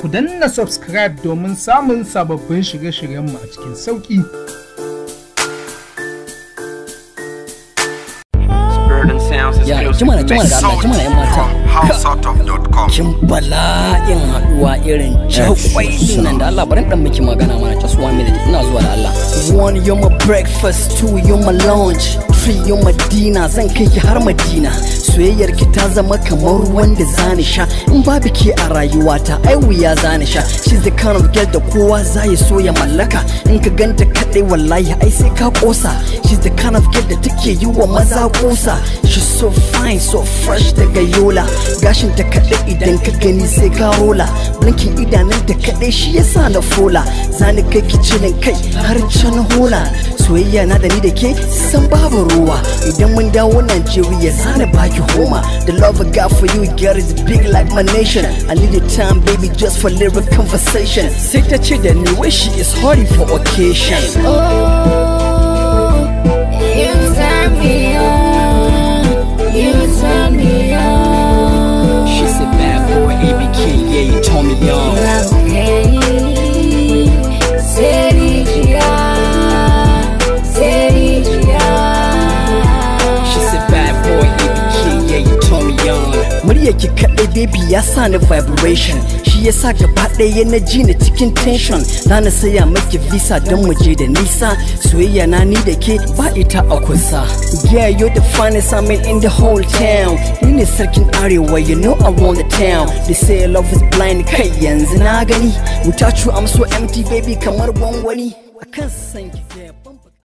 ku danna subscribe domin samun sababbin shirye-shiryenmu a cikin sauƙi. Kin bala'in haɗuwa irin jakwai nan da Allah barin ɗan miki magana mana ta just one minute ina zuwa da Allah. One you're my breakfast, two you're my lunch. Afri yau Madina zan kai ki har Madina soyayyar ki ta zama kamar ruwan da zani sha in babu ke a ta ai wuya zani sha she's the kind of girl da kowa za ya so ya mallaka in ka ganta kadai wallahi ai sai ka kosa she's the kind of girl da take yi wa maza kosa she's so fine so fresh daga yola gashin ta kadai idan ka gani sai ka rola blinking idanun ta kadai shi yasa na fola zani kai ki kicinin kai har can hola soyayya na da ni da ke san babu ruwa idan mun dawo Najeriya zana baki homa the love I got for you girl is big like my nation I need your time baby just for lyric conversation sai ta ce da ni wish. she is horny for occasion oh. murya ki kaɗai baby ya sa ni vibration shi ya sa gaba ɗaya na ji ni cikin tension za na saya maki visa don mu je da nisa soyayya na ni da ke ba ita a kusa yeah you the finest I'm in, in the whole town ni ne sarkin arewa you know I want the town they say love is blind kai yanzu na gani mutacu I'm so empty baby kamar gwangwani akan san ki